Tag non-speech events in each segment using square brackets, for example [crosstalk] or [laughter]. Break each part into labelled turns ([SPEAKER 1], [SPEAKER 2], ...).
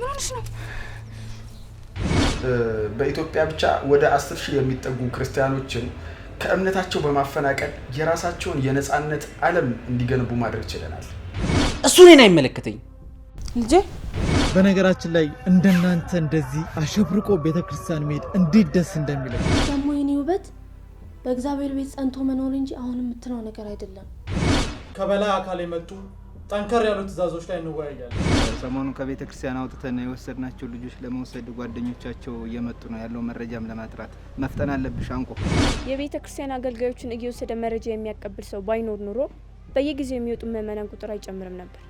[SPEAKER 1] ምን ሆነሽ ነው? በኢትዮጵያ ብቻ ወደ አስር ሺህ የሚጠጉ ክርስቲያኖችን ከእምነታቸው በማፈናቀል የራሳቸውን የነፃነት ዓለም እንዲገነቡ ማድረግ ችለናል።
[SPEAKER 2] እሱ እኔን አይመለከተኝ ልጄ። በነገራችን ላይ እንደናንተ እንደዚህ አሸብርቆ ቤተ ክርስቲያን መሄድ እንዴት ደስ እንደሚለው
[SPEAKER 3] ደግሞ የኔ ውበት በእግዚአብሔር ቤት ጸንቶ መኖር እንጂ አሁን የምትለው ነገር አይደለም።
[SPEAKER 2] ከበላይ አካል የመጡ
[SPEAKER 1] ጠንከር ያሉ ትዕዛዞች ላይ እንወያያለን። ሰሞኑን ከቤተ ክርስቲያን አውጥተን የወሰድናቸው ልጆች ለመውሰድ ጓደኞቻቸው እየመጡ ነው ያለው መረጃም ለማጥራት መፍጠን አለብሽ። አንቆ
[SPEAKER 3] የቤተ ክርስቲያን አገልጋዮችን እየወሰደ መረጃ የሚያቀብል ሰው ባይኖር ኑሮ በየጊዜው የሚወጡ ምዕመናን ቁጥር አይጨምርም ነበር።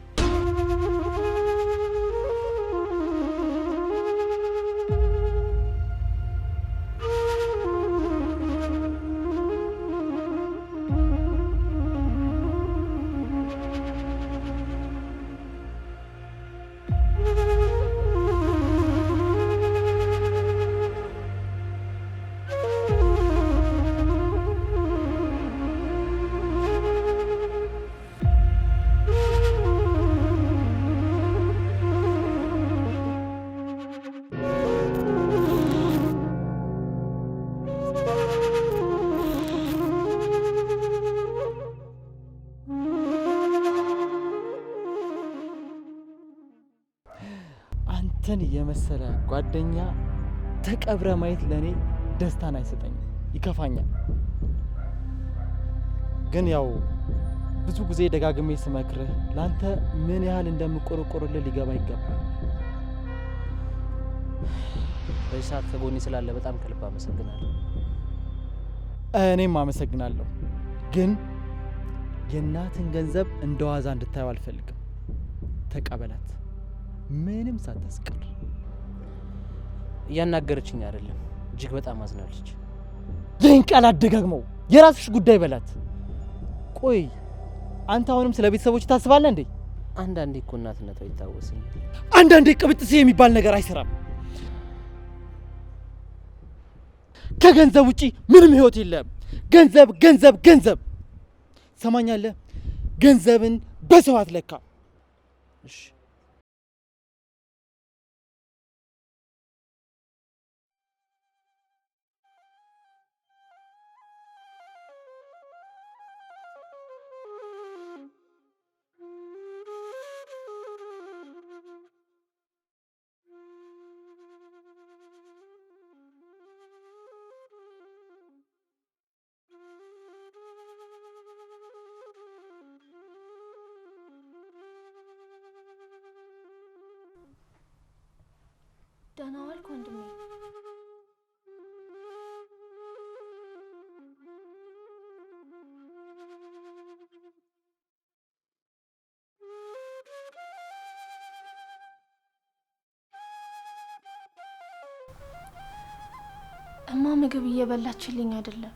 [SPEAKER 2] ይህን የመሰለ ጓደኛ ተቀብረ ማየት ለእኔ ደስታን አይሰጠኝም፣ ይከፋኛል። ግን ያው ብዙ ጊዜ ደጋግሜ ስመክርህ ለአንተ ምን ያህል እንደምቆረቆርልህ ሊገባ ይገባል።
[SPEAKER 4] በዚህ ሰዓት ከጎኔ ስላለ በጣም ከልብ አመሰግናለሁ።
[SPEAKER 2] እኔም አመሰግናለሁ። ግን የእናትን ገንዘብ እንደ ዋዛ እንድታየው አልፈልግም። ተቀበላት። ምንም ሳታስቀር
[SPEAKER 4] እያናገረችኝ አይደለም። እጅግ በጣም አዝናለች።
[SPEAKER 2] ይህን ቃል አደጋግመው የራስሽ ጉዳይ በላት። ቆይ አንተ አሁንም ስለ ቤተሰቦች ታስባለህ እንዴ? አንዳንዴ እኮ እናትነቷ ይታወሰኝ። አንዳንዴ ቅብጥስ የሚባል ነገር አይሰራም። ከገንዘብ ውጪ ምንም ህይወት የለም። ገንዘብ ገንዘብ ገንዘብ። ሰማኛለህ? ገንዘብን በሰው አትለካ። እሺ
[SPEAKER 3] እማ ምግብ እየበላችልኝ አይደለም።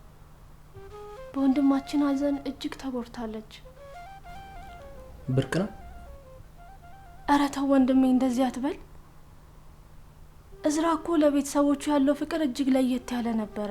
[SPEAKER 3] በወንድማችን ሀዘን እጅግ ተጎድታለች። ብርቅ ነው። እረ ተው ወንድሜ፣ እንደዚህ አትበል። እዝራ እኮ ለቤተሰቦቹ ያለው ፍቅር እጅግ ለየት ያለ ነበረ።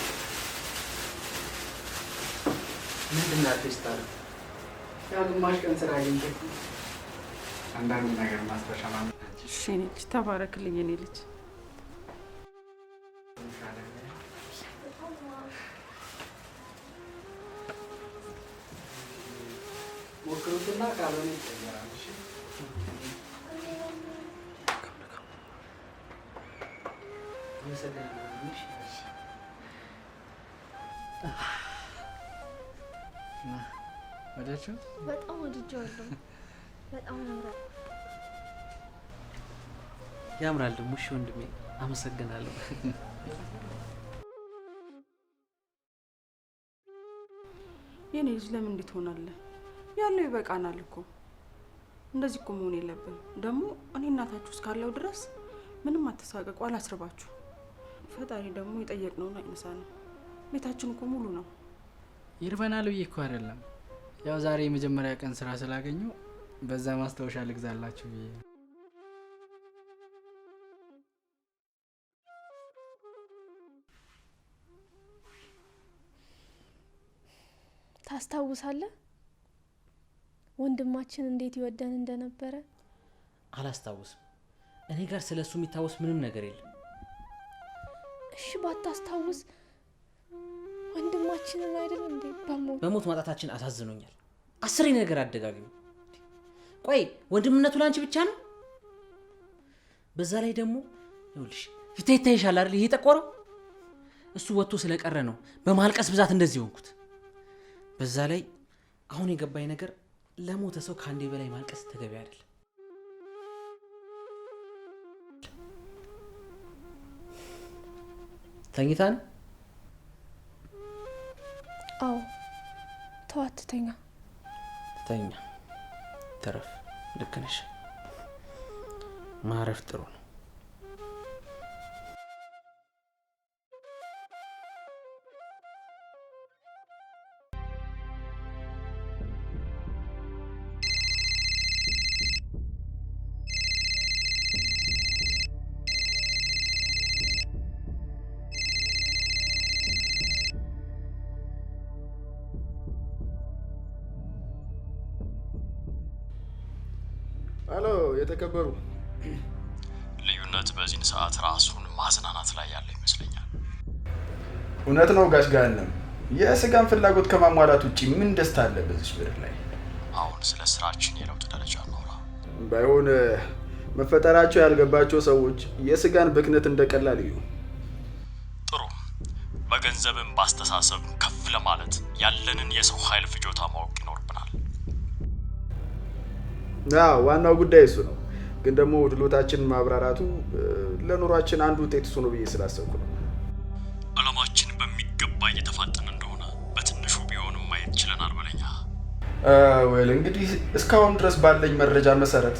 [SPEAKER 2] ምንድን አርቲስት አለ ያው ግማሽ ቀን ስራ አንዳንድ ነገር
[SPEAKER 1] ማስበሻ ማለች ተባረክልኝ። እኔ ልጅ
[SPEAKER 3] ሞክሩትና ካልሆነ ይቀየራል። እሺ ወደዳችሁ? በጣም ወድጄዋለሁ። በጣም ያምራል።
[SPEAKER 4] ያምራል ደግሞ። እሺ ወንድሜ አመሰግናለሁ።
[SPEAKER 3] የኔ ልጅ
[SPEAKER 1] ለምን እንዴት ሆናለ? ያለው ይበቃናል እኮ እንደዚህ እኮ መሆን የለብን። ደግሞ እኔ እናታችሁ እስካለው ድረስ ምንም አትሳቀቁ፣ አላስርባችሁ። ፈጣሪ ደግሞ የጠየቅነውን ነው። ቤታችን እኮ ሙሉ ነው።
[SPEAKER 2] ይርበናል ብዬ እኮ አይደለም ያው ዛሬ የመጀመሪያ ቀን ስራ ስላገኙ በዛ ማስታወሻ ልግዛላችሁ ብዬ ነው።
[SPEAKER 3] ታስታውሳለህ ወንድማችን እንዴት ይወደን እንደነበረ?
[SPEAKER 4] አላስታውስም። እኔ ጋር ስለ እሱ የሚታወስ ምንም ነገር የለም።
[SPEAKER 3] እሺ ባታስታውስ ወንድማችንን አይደል እንዴ
[SPEAKER 4] በሞት ማጣታችን አሳዝኖኛል። አስሬ ነገር አደጋግሚ። ቆይ ወንድምነቱ ለአንቺ ብቻ ነው? በዛ ላይ ደግሞ ይኸውልሽ ፊቴ ይታይሻል አይደል? ይሄ ጠቆረው እሱ ወጥቶ ስለቀረ ነው በማልቀስ ብዛት እንደዚህ ሆንኩት። በዛ ላይ አሁን የገባኝ ነገር ለሞተ ሰው ከአንዴ በላይ ማልቀስ ተገቢ አይደለም። ተኝታን
[SPEAKER 3] አዎ ተዋት፣ ተኛ
[SPEAKER 4] ተኛ፣ ትረፍ። ልክ ነሽ።
[SPEAKER 1] ማረፍ ጥሩ ነው። ነበሩ። ልዩነት በዚህን ሰዓት ራሱን ማዝናናት ላይ ያለ ይመስለኛል። እውነት ነው ጋሽ ጋንም የስጋን ፍላጎት ከማሟላት ውጭ ምን ደስታ አለ በዚች ምድር ላይ? አሁን ስለ ስራችን የለውጥ ደረጃ ኖራ ባይሆን መፈጠራቸው ያልገባቸው ሰዎች የስጋን ብክነት እንደቀላል እዩ። ጥሩ። በገንዘብም በአስተሳሰብ ከፍ ለማለት ያለንን የሰው ኃይል ፍጆታ ማወቅ ይኖርብናል። ዋናው ጉዳይ እሱ ነው። ግን ደግሞ ድሎታችን ማብራራቱ ለኑሯችን አንዱ ውጤት እሱ ነው ብዬ ስላሰብኩ ነው። አላማችን በሚገባ እየተፋጠነ እንደሆነ በትንሹ ቢሆንም ማየት ችለናል። በለኛ ወይል እንግዲህ እስካሁን ድረስ ባለኝ መረጃ መሰረት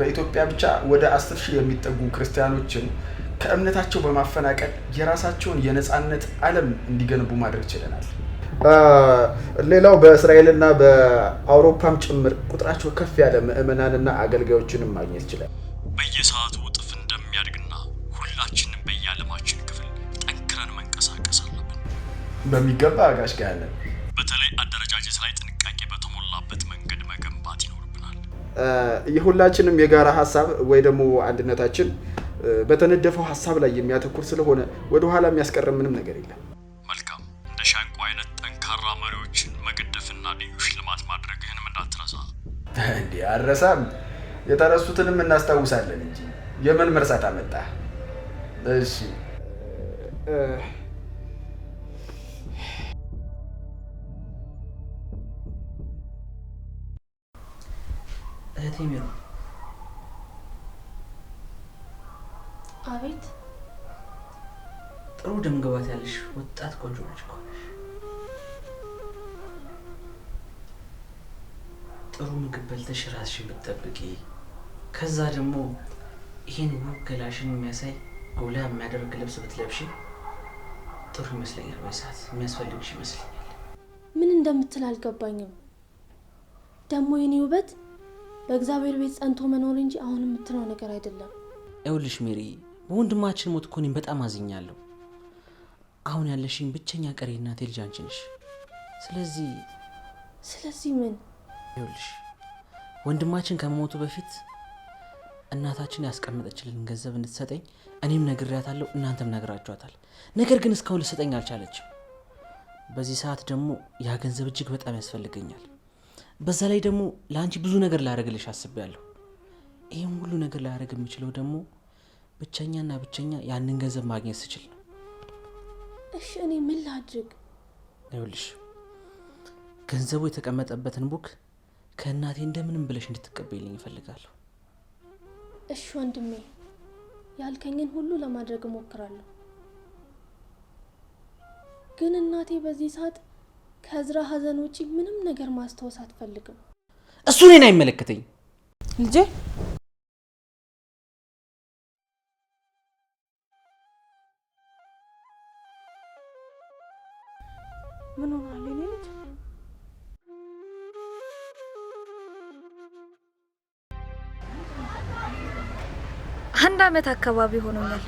[SPEAKER 1] በኢትዮጵያ ብቻ ወደ አስር ሺህ የሚጠጉ ክርስቲያኖችን ከእምነታቸው በማፈናቀል የራሳቸውን የነፃነት ዓለም እንዲገነቡ ማድረግ ችለናል። ሌላው በእስራኤልና በአውሮፓም ጭምር ቁጥራቸው ከፍ ያለ ምእመናንና አገልጋዮችንም ማግኘት ይችላል። በየሰዓቱ
[SPEAKER 3] እጥፍ እንደሚያድግና ሁላችንም በየዓለማችን ክፍል
[SPEAKER 1] ጠንክረን መንቀሳቀስ አለብን። በሚገባ አጋሽ ጋ ያለን በተለይ አደረጃጀት ላይ ጥንቃቄ በተሞላበት መንገድ መገንባት ይኖርብናል። የሁላችንም የጋራ ሀሳብ ወይ ደግሞ አንድነታችን በተነደፈው ሀሳብ ላይ የሚያተኩር ስለሆነ ወደኋላ የሚያስቀረ ምንም ነገር የለም። ጠንካራ መሪዎችን መገደፍና ልዩ ሽልማት ማድረግህን እንዳትረሳ። እንዲ አረሳም፣ የተረሱትንም እናስታውሳለን እንጂ የምን መርሳት አመጣ? እሺ
[SPEAKER 4] እህቴ ሚሮ። አቤት። ጥሩ ደምግባት ያለሽ ወጣት ቆንጆ ልጅ እኮ ጥሩ ምግብ በልተሽ ራስሽን ብትጠብቂ፣ ከዛ ደግሞ ይህን ውብ ገላሽን የሚያሳይ ጎላ የሚያደርግ ልብስ ብትለብሺ ጥሩ ይመስለኛል። ሰዓት የሚያስፈልግሽ ይመስለኛል።
[SPEAKER 3] ምን እንደምትል አልገባኝም። ደግሞ የኔ ውበት በእግዚአብሔር ቤት ጸንቶ መኖር እንጂ አሁን የምትለው ነገር አይደለም።
[SPEAKER 4] ይኸውልሽ ሜሪ፣ በወንድማችን ሞት እኮ እኔም በጣም አዝኛለሁ። አሁን ያለሽኝ ብቸኛ ቀሪ እናቴ ልጅ አንቺ ነሽ። ስለዚህ
[SPEAKER 3] ስለዚህ ምን
[SPEAKER 4] ይኸውልሽ ወንድማችን ከመሞቱ በፊት እናታችን ያስቀመጠችልን ገንዘብ እንድትሰጠኝ እኔም ነግሬያታለሁ፣ እናንተም ነግራችኋታል። ነገር ግን እስካሁን ልሰጠኝ አልቻለችም። በዚህ ሰዓት ደግሞ ያ ገንዘብ እጅግ በጣም ያስፈልገኛል። በዛ ላይ ደግሞ ለአንቺ ብዙ ነገር ላደርግልሽ አስቤያለሁ። ይህም ሁሉ ነገር ላደርግ የምችለው ደግሞ ብቸኛና ብቸኛ ያንን ገንዘብ ማግኘት ስችል ነው።
[SPEAKER 3] እሺ እኔ ምን ላድርግ?
[SPEAKER 4] ይኸውልሽ ገንዘቡ የተቀመጠበትን ቡክ ከእናቴ እንደምንም ብለሽ እንድትቀበይልኝ ይፈልጋለሁ።
[SPEAKER 3] እሺ ወንድሜ፣ ያልከኝን ሁሉ ለማድረግ እሞክራለሁ። ግን እናቴ በዚህ ሰዓት ከእዝራ ሀዘን ውጪ ምንም ነገር ማስታወስ አትፈልግም።
[SPEAKER 4] እሱ እኔን አይመለከተኝ ልጄ
[SPEAKER 3] ምን ሆናል? አንድ አመት አካባቢ ሆኖኛል።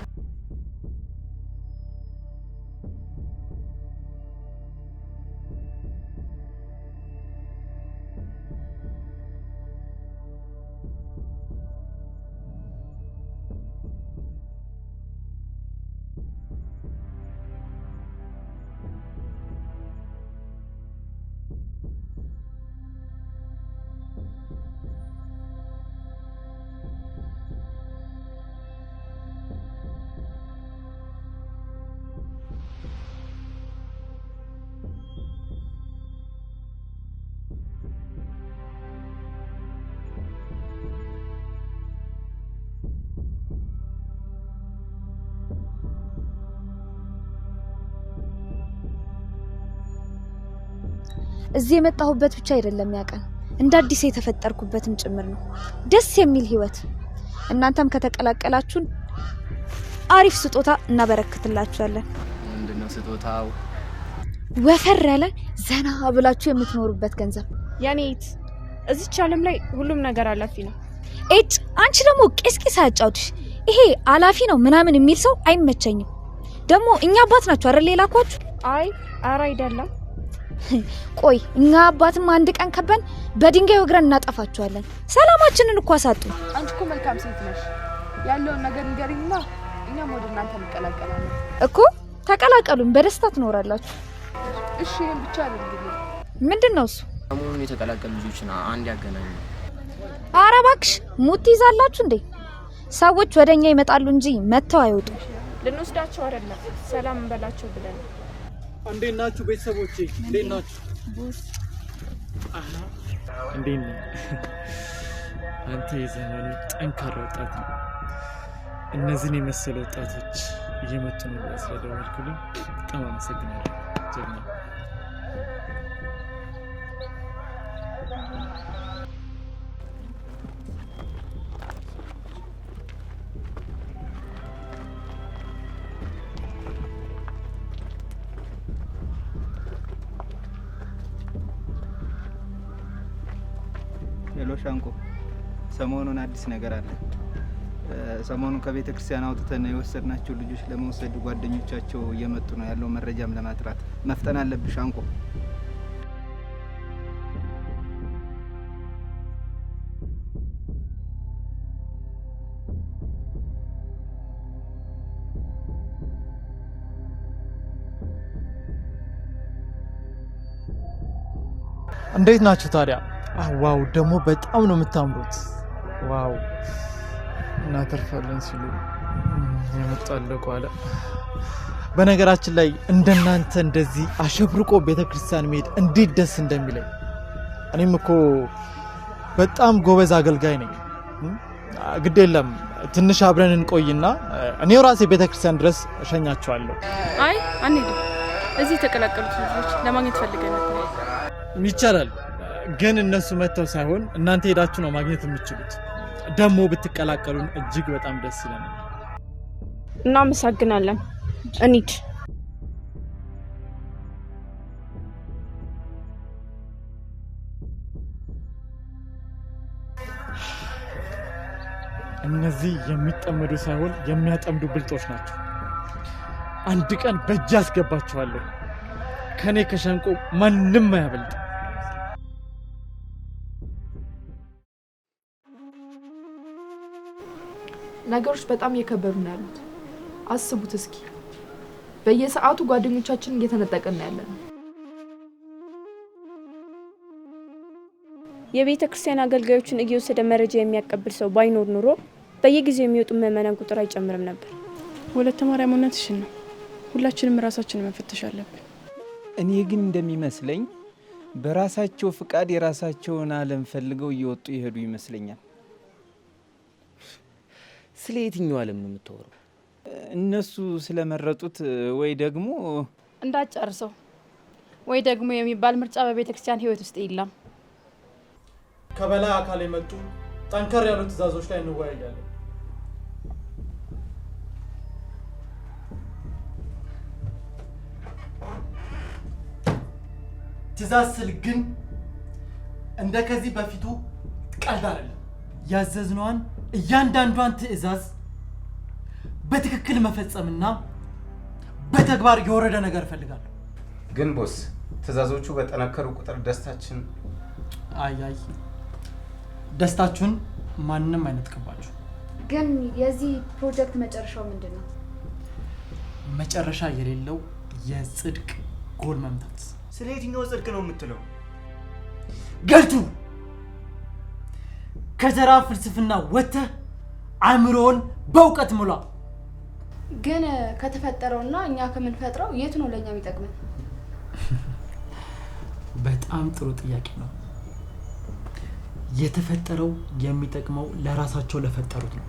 [SPEAKER 3] እዚህ የመጣሁበት ብቻ አይደለም ያቀን እንደ አዲስ የተፈጠርኩበትም ጭምር ነው። ደስ የሚል ህይወት እናንተም ከተቀላቀላችሁን አሪፍ ስጦታ እናበረክትላችኋለን።
[SPEAKER 1] ምንድነው ስጦታው?
[SPEAKER 3] ወፈር ያለ ዘና ብላችሁ የምትኖሩበት ገንዘብ። ያኔ እዚች ዓለም ላይ ሁሉም ነገር አላፊ ነው። ኤጭ አንቺ ደግሞ ቄስቄስ አያጫውትሽ። ይሄ አላፊ ነው ምናምን የሚል ሰው አይመቸኝም። ደግሞ እኛ አባት ናቸው አረ ሌላ ኳችሁ። አይ ኧረ አይደለም ቆይ እኛ አባትም አንድ ቀን ከበን በድንጋይ ወግረን እናጠፋቸዋለን። ሰላማችንን እኮ አሳጡ። አንቺ እኮ መልካም ሴት ነሽ። ያለውን ነገር ንገሪኝና እኛም ወደ እናንተ እንቀላቀላለን እኮ። ተቀላቀሉን፣ በደስታ ትኖራላችሁ። እሺ፣ ይህን ብቻ ምንድን ነው እሱ?
[SPEAKER 1] ሰሞኑን የተቀላቀሉ ልጆችን አንድ ያገናኙ።
[SPEAKER 3] አረ እባክሽ ሙት ይዛላችሁ እንዴ? ሰዎች ወደ እኛ ይመጣሉ እንጂ መጥተው አይወጡም። ልንወስዳቸው አይደለም፣ ሰላም እንበላቸው ብለን እንዴት ናችሁ ቤተሰቦች እንዴት ናችሁ?
[SPEAKER 2] እንዴት ነህ አንተ? የዘመኑ ጠንካራ ወጣት ነው። እነዚህን የመሰለ ወጣቶች እየመጡ ነው። ስለደወልኩልኝ በጣም አመሰግናለሁ። ጀግና
[SPEAKER 1] ሄሎ ሻንቆ፣ ሰሞኑን አዲስ ነገር አለ። ሰሞኑን ከቤተ ክርስቲያን አውጥተን የወሰድናቸው ልጆች ለመውሰድ ጓደኞቻቸው እየመጡ ነው ያለው መረጃም ለማጥራት መፍጠን አለብሽ ሻንቆ።
[SPEAKER 2] እንዴት ናችሁ ታዲያ? ዋው ደግሞ በጣም ነው የምታምሩት። ዋው እናተርፋለን ሲሉ የመጣለቁ አለ። በነገራችን ላይ እንደናንተ እንደዚህ አሸብርቆ ቤተክርስቲያን መሄድ እንዴት ደስ እንደሚለኝ እኔም እኮ በጣም ጎበዝ አገልጋይ ነኝ። ግድ የለም ትንሽ አብረን እንቆይና እኔው ራሴ ቤተክርስቲያን ድረስ እሸኛቸዋለሁ።
[SPEAKER 3] አይ አንሄድም። እዚህ የተቀላቀሉት ልጆች ለማግኘት ፈልገናል።
[SPEAKER 2] ይቻላል። ግን እነሱ መጥተው ሳይሆን እናንተ ሄዳችሁ ነው ማግኘት የምችሉት። ደግሞ ብትቀላቀሉን እጅግ በጣም ደስ ይለናል።
[SPEAKER 3] እናመሰግናለን። እኒድ
[SPEAKER 2] እነዚህ የሚጠመዱ ሳይሆን የሚያጠምዱ ብልጦች ናቸው። አንድ ቀን በእጅ አስገባችኋለሁ። ከእኔ ከሸንቆ ማንም አያበልጥ።
[SPEAKER 3] ነገሮች በጣም እየከበዱ ነው ያሉት። አስቡት እስኪ በየሰዓቱ ጓደኞቻችን እየተነጠቅን ነው ያለን። የቤተ ክርስቲያን አገልጋዮችን እየወሰደ መረጃ የሚያቀብል ሰው ባይኖር ኑሮ በየጊዜው የሚወጡ ምዕመናን ቁጥር አይጨምርም ነበር። ወለተ ማርያም እውነትሽን ነው። ሁላችንም ራሳችን መፈተሽ አለብን።
[SPEAKER 2] እኔ ግን እንደሚመስለኝ በራሳቸው ፍቃድ የራሳቸውን ዓለም ፈልገው እየወጡ ይሄዱ ይመስለኛል። ስለ የትኛው አለም ነው የምታወራው? እነሱ ስለመረጡት ወይ ደግሞ
[SPEAKER 3] እንዳትጨርሰው ወይ ደግሞ የሚባል ምርጫ በቤተ ክርስቲያን ህይወት ውስጥ የለም።
[SPEAKER 2] ከበላይ አካል የመጡ ጠንከር ያሉ ትእዛዞች ላይ እንወያያለን። ትእዛዝ ስል ግን እንደ ከዚህ በፊቱ ቀልድ አይደለም። ያዘዝነዋን እያንዳንዷን ትዕዛዝ በትክክል መፈጸምና በተግባር የወረደ ነገር እፈልጋለሁ።
[SPEAKER 1] ግን ቦስ ትዕዛዞቹ በጠነከሩ ቁጥር ደስታችን አያይ
[SPEAKER 2] ደስታችሁን ማንም አይነጥቅባችሁ።
[SPEAKER 3] ግን የዚህ ፕሮጀክት መጨረሻው ምንድን ነው?
[SPEAKER 2] መጨረሻ የሌለው የጽድቅ ጎል መምታት። ስለ የትኛው ጽድቅ ነው የምትለው ገልቱ? ከተራ ፍልስፍና ወጥተህ አእምሮውን በእውቀት ሙላ።
[SPEAKER 3] ግን ከተፈጠረውና እኛ ከምንፈጥረው የት ነው ለእኛ የሚጠቅመን? [laughs]
[SPEAKER 2] በጣም ጥሩ ጥያቄ ነው። የተፈጠረው የሚጠቅመው ለራሳቸው ለፈጠሩት ነው።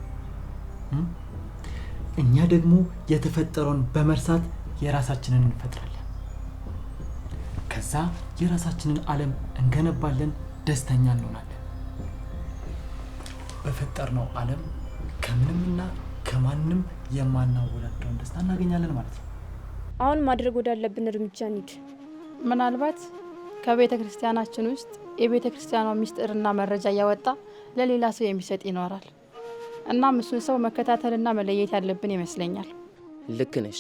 [SPEAKER 2] እኛ ደግሞ የተፈጠረውን በመርሳት የራሳችንን እንፈጥራለን። ከዛ የራሳችንን ዓለም እንገነባለን፣ ደስተኛ እንሆናለን። በፈጠርነው ዓለም ከምንምና ከማንም የማናወዳደረውን ደስታ እናገኛለን ማለት ነው።
[SPEAKER 3] አሁን ማድረግ ወዳለብን እርምጃ እንሂድ። ምናልባት ከቤተ ክርስቲያናችን ውስጥ የቤተ ክርስቲያኗ ሚስጥርና መረጃ እያወጣ ለሌላ ሰው የሚሰጥ ይኖራል። እናም እሱን ሰው መከታተልና መለየት ያለብን ይመስለኛል።
[SPEAKER 1] ልክ ነሽ።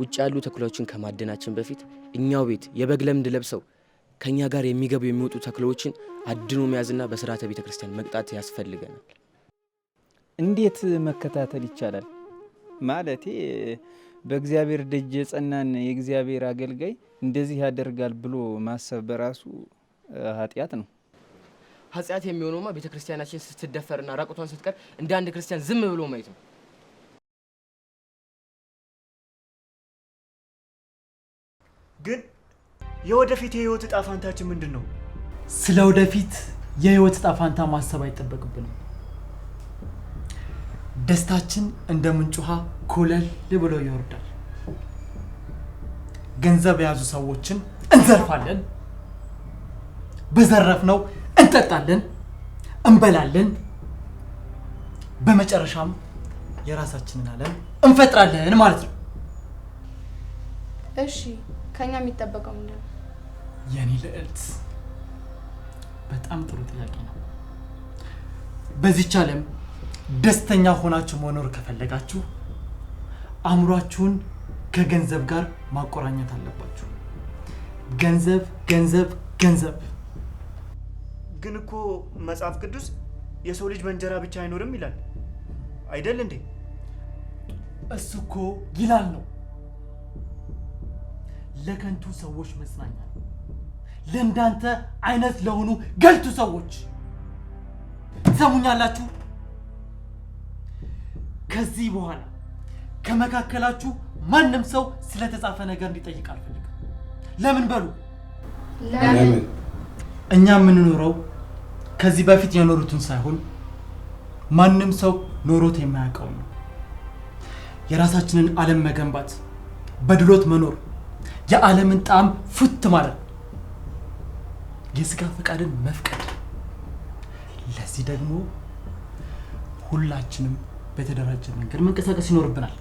[SPEAKER 1] ውጭ ያሉ
[SPEAKER 2] ተኩላዎችን ከማደናችን በፊት እኛው ቤት የበግ ለምድ ለብሰው ከእኛ ጋር የሚገቡ የሚወጡ ተክሎችን አድኖ መያዝና በስርዓተ ቤተ ክርስቲያን መቅጣት ያስፈልገናል። እንዴት መከታተል ይቻላል?
[SPEAKER 1] ማለቴ በእግዚአብሔር ደጅ የጸናን የእግዚአብሔር አገልጋይ እንደዚህ ያደርጋል ብሎ ማሰብ በራሱ ኃጢአት ነው። ኃጢአት የሚሆነውማ ቤተ ክርስቲያናችን ስትደፈርና ራቁቷን ስትቀር እንደ አንድ ክርስቲያን ዝም ብሎ ማየት ነው።
[SPEAKER 2] ግን የወደፊት የህይወት እጣ ፋንታችን ምንድን ነው? ስለ ወደፊት የህይወት እጣ ፋንታ ማሰብ አይጠበቅብንም። ደስታችን እንደ ምንጭ ውሃ ኮለል ብሎ ይወርዳል። ገንዘብ የያዙ ሰዎችን እንዘርፋለን፣ በዘረፍነው እንጠጣለን፣ እንበላለን፣ በመጨረሻም የራሳችንን ዓለም እንፈጥራለን ማለት ነው።
[SPEAKER 3] እሺ ከኛ የሚጠበቀው ምንድን ነው?
[SPEAKER 2] የኔ ልዕልት በጣም ጥሩ ጥያቄ ነው። በዚች ዓለም ደስተኛ ሆናችሁ መኖር ከፈለጋችሁ አእምሯችሁን ከገንዘብ ጋር ማቆራኘት አለባችሁ። ገንዘብ ገንዘብ ገንዘብ። ግን እኮ መጽሐፍ ቅዱስ የሰው ልጅ በእንጀራ ብቻ አይኖርም ይላል አይደል እንዴ? እሱ እኮ ይላል ነው ለከንቱ ሰዎች መጽናኛ ለእንዳንተ አይነት ለሆኑ ገልቱ ሰዎች ትሰሙኛላችሁ። ከዚህ በኋላ ከመካከላችሁ ማንም ሰው ስለተጻፈ ነገር እንዲጠይቅ አልፈልግም። ለምን በሉ። ለምን እኛ የምንኖረው ከዚህ በፊት የኖሩትን ሳይሆን ማንም ሰው ኖሮት የማያውቀው ነው። የራሳችንን ዓለም መገንባት፣ በድሎት መኖር፣ የዓለምን ጣዕም ፉት ማለት የስጋ ፈቃድን መፍቀድ። ለዚህ ደግሞ ሁላችንም በተደራጀ መንገድ መንቀሳቀስ ይኖርብናል።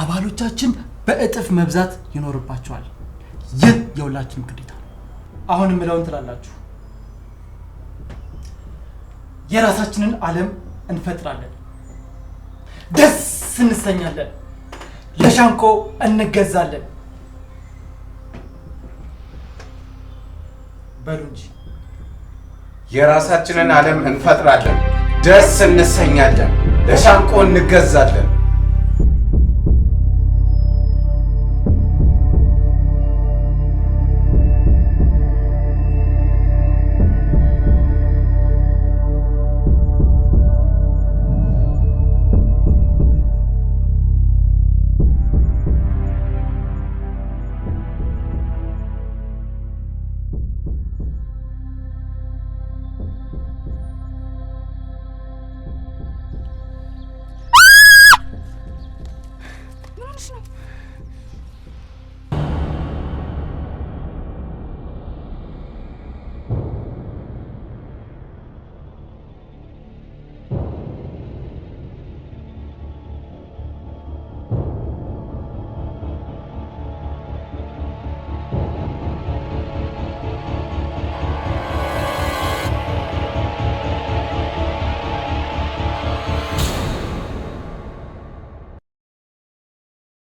[SPEAKER 2] አባሎቻችን በእጥፍ መብዛት ይኖርባቸዋል። ይህ የሁላችንም ግዴታ ነው። አሁን የምለውን ትላላችሁ። የራሳችንን ዓለም እንፈጥራለን፣ ደስ እንሰኛለን፣ ለሻንቆ እንገዛለን። በሉ
[SPEAKER 4] እንጂ
[SPEAKER 1] የራሳችንን ዓለም እንፈጥራለን፣ ደስ እንሰኛለን፣ ለሻንቆ እንገዛለን። Krishna.